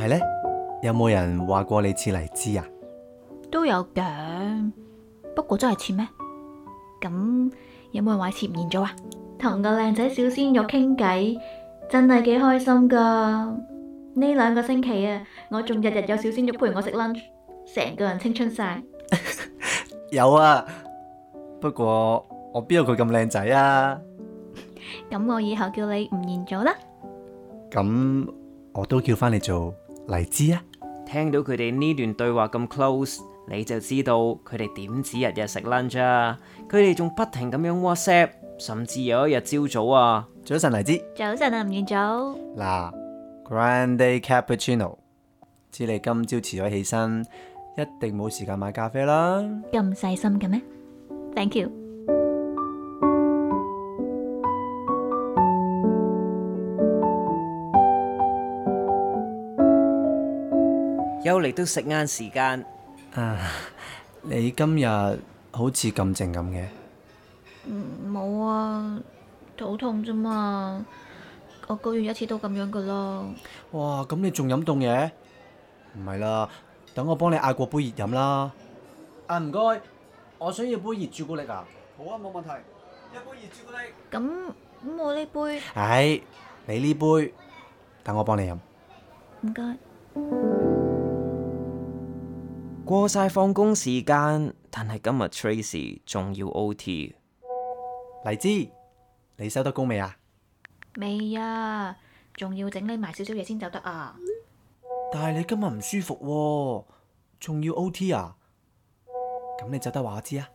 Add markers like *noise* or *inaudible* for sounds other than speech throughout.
係咧，有冇人話過你似荔枝啊？都有嘅，不過真係似咩？咁有冇人話似吳彥祖啊？同個靚仔小鮮肉傾偈，真係幾開心噶！呢兩個星期啊，我仲日日有小鮮肉陪我食 lunch，成個人青春晒。 *laughs* 有啊，不過我邊有佢咁靚仔啊？咁 *laughs* 我以後叫你吳彥祖啦。咁我都叫翻你做。荔枝啊，聽到佢哋呢段對話咁 close，你就知道佢哋點止日日食 lunch 啊！佢哋仲不停咁樣 WhatsApp，甚至有一日朝早啊，早晨黎姿，早晨啊吳彥祖，嗱，Grand Day Cappuccino，知你今朝遲咗起身，一定冇時間買咖啡啦，咁細心嘅咩？Thank you。有嚟都食啱時間。啊，你今日好似咁靜咁嘅。嗯，冇啊，肚痛啫嘛。我個月一次都咁樣噶啦。哇，咁你仲飲凍嘢？唔係啦，等我幫你嗌過杯熱飲啦。啊，唔該，我想要杯熱朱古力啊。好啊，冇問題，一杯熱朱古力。咁咁，我呢杯。哎，你呢杯等我幫你飲。唔該。過晒放工時間，但係今日 Tracy 仲要 OT。黎姿，你收得工未啊？未啊，仲要整理埋少少嘢先走得啊。但係你今日唔舒服，仲要 OT 啊？咁、啊、你走得話我知啊。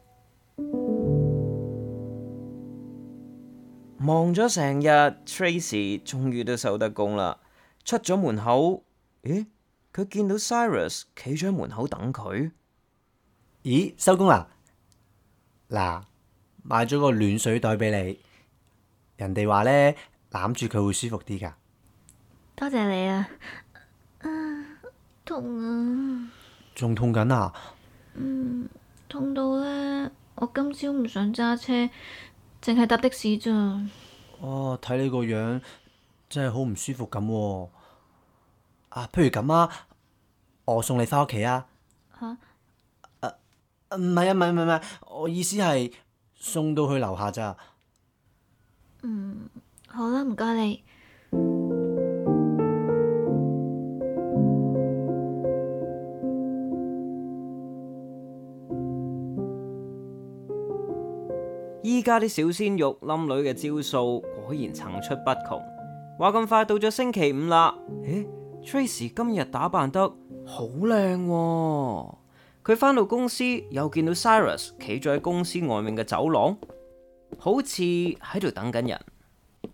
忙咗成日，Tracy 終於都收得工啦。出咗門口，咦？佢見到 Cyrus 企咗喺門口等佢，咦，收工啦？嗱，買咗個暖水袋俾你，人哋話咧攬住佢會舒服啲噶。多謝你啊，呃、痛啊，仲痛緊啊？嗯，痛到咧，我今朝唔想揸車，淨係搭的士咋？哦，睇你個樣，真係好唔舒服咁、啊。啊，不如咁啊，我送你翻屋企啊。吓？唔係啊，唔係唔係，我意思係送到去樓下咋。嗯，好啦，唔該你。依家啲小鮮肉冧女嘅招數果然層出不窮，話咁快到咗星期五啦。咦？Tracy 今日打扮得好靚，佢返到公司又見到 Cyrus 企咗喺公司外面嘅走廊，好似喺度等緊人。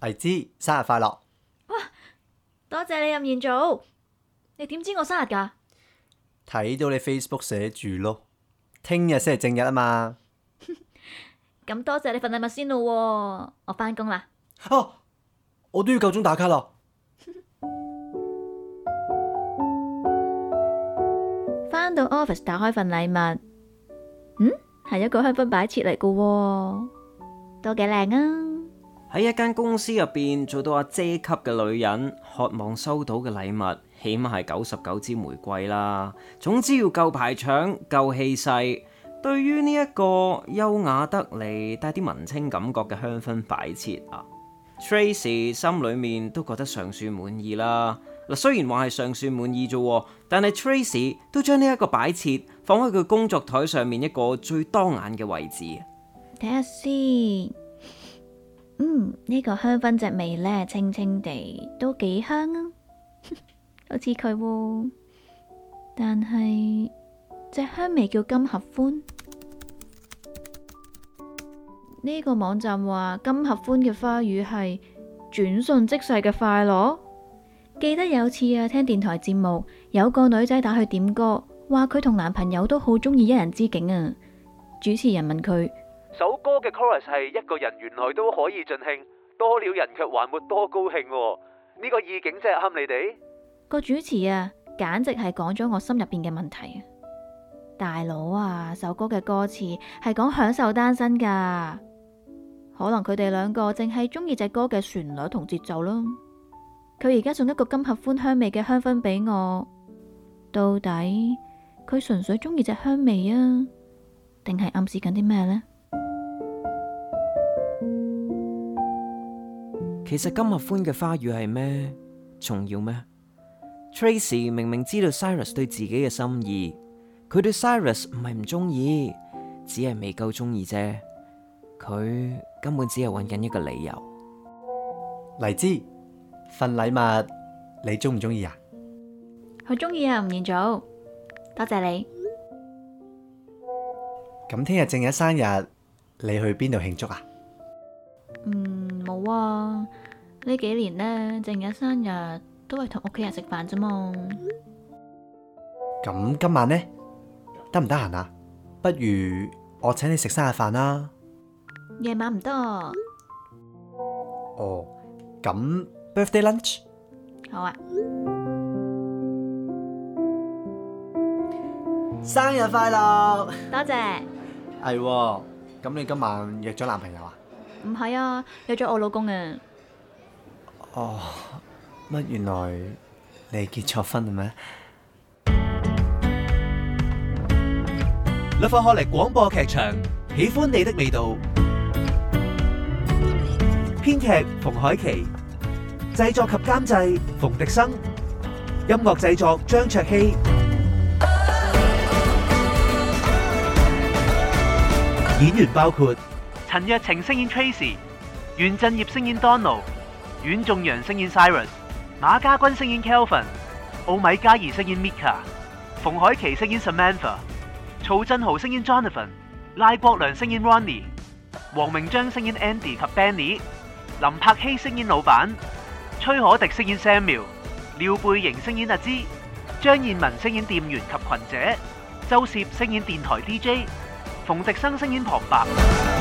黎姿生日快樂！哇，多謝你任賢祖，你點知我生日㗎？睇到你 Facebook 寫住咯，聽日先係正日啊嘛。咁 *laughs* 多謝你份禮物先咯，我返工啦。哦、啊，我都要夠鐘打卡啦。到 office 打開份禮物，嗯，係一個香薰擺設嚟嘅，都幾靚啊！喺一間公司入邊做到阿姐級嘅女人，渴望收到嘅禮物，起碼係九十九支玫瑰啦。總之要夠排場、夠氣勢。對於呢一個優雅得嚟、帶啲文青感覺嘅香薰擺設啊，Tracy 心裏面都覺得尚算滿意啦。嗱，雖然話係尚算滿意啫，但係 Trace 都將呢一個擺設放喺佢工作台上面一個最當眼嘅位置。睇下先，嗯，呢個香薰隻味呢，清清地都幾香啊，好似佢，但係隻香味叫金合歡。呢個網站話金合歡嘅花語係轉瞬即逝嘅快樂。記得有次啊，聽電台節目，有個女仔打去點歌，話佢同男朋友都好中意「一人之境」。啊。主持人問佢：首歌嘅 chorus 係一個人原來都可以盡興，多了人卻還沒多高興啊。呢個意境真係啱你哋。個主持啊，簡直係講咗我心入邊嘅問題啊！大佬啊，首歌嘅歌詞係講享受單身噶，可能佢哋兩個淨係中意隻歌嘅旋律同節奏咯。佢而家送一個金合歡香味嘅香薰俾我，到底佢純粹中意隻香味啊，定係暗示緊啲咩呢？其實金合歡嘅花語係咩重要咩？Tracy 明明知道 Cyrus 對自己嘅心意，佢對 Cyrus 唔係唔中意，只係未夠中意啫。佢根本只係揾緊一個理由，荔枝。份禮物你中唔中意啊？好中意啊，吳彥祖，多謝你。咁聽日正日生日，你去邊度慶祝啊？嗯，冇啊。呢幾年咧，正日生日都係同屋企人食飯啫嘛。咁今晚咧，得唔得閒啊？不如我請你食生日飯啦。夜晚唔多。哦，咁。Birthday lunch，好啊！生日快樂，多謝。係，咁你今晚約咗男朋友啊？唔係啊，約咗我老公啊。哦，乜原來你結錯婚啦咩？樂放學嚟廣播劇場，喜歡你的味道。編劇馮海琪。製作及監製馮迪生，音樂製作張卓希。演員包括陳若情飾演 Tracy，袁振業飾演 Donald，阮仲陽飾演 Siren，馬家軍飾演 Kelvin，奧米加兒飾演 Mika，馮海琪飾演 Samantha，曹振豪飾演 Jonathan，賴國良飾演 Ronnie，黃明章飾演 Andy 及 Benny，林柏希飾演老闆。崔可迪飾演 Samuel，廖貝瑩飾演阿芝，張燕文飾演店員及群姐，周攝飾演電台 DJ，馮迪生飾演旁白。